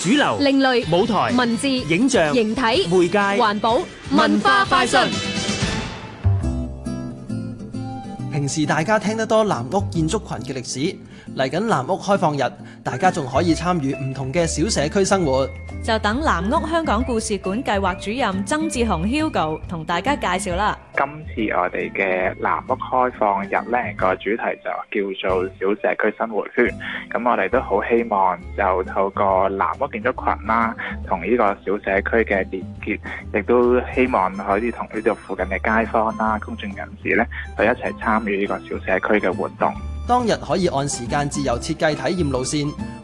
主流、另類、舞台、文字、影像、形體、媒介、環保、文化、快訊。平時大家聽得多南屋建築群嘅歷史，嚟緊南屋開放日，大家仲可以參與唔同嘅小社區生活。就等南屋香港故事館計劃主任曾志雄 Hugo 同大家介紹啦。今次我哋嘅南屋開放日呢，個主題就叫做小社區生活圈。咁我哋都好希望就透過南屋建築群啦，同呢個小社區嘅連結，亦都希望可以同呢度附近嘅街坊啦、公眾人士呢，去一齊參。呢個小社區嘅活動，當日可以按時間自由設計體驗路線。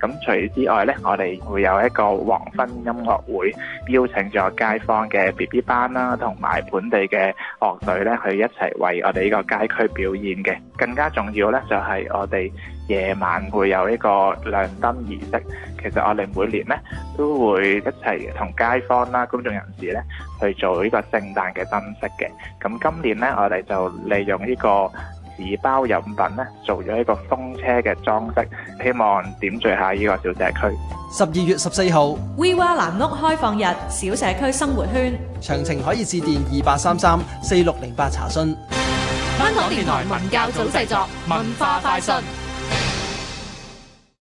咁除此之外咧，我哋會有一個黃昏音樂會，邀請咗街坊嘅 BB 班啦，同埋本地嘅樂隊咧，去一齊為我哋呢個街區表演嘅。更加重要咧，就係我哋夜晚會有一個亮燈儀式。其實我哋每年咧都會一齊同街坊啦、公眾人士咧去做呢個聖誕嘅燈飾嘅。咁今年咧，我哋就利用呢個，紙包飲品咧，做咗一個風車嘅裝飾，希望點綴下呢個小社區。十二月十四號，We 嘩藍屋開放日，小社區生活圈，詳情可以致電二八三三四六零八查詢。香港電台文教組製作，文化快訊。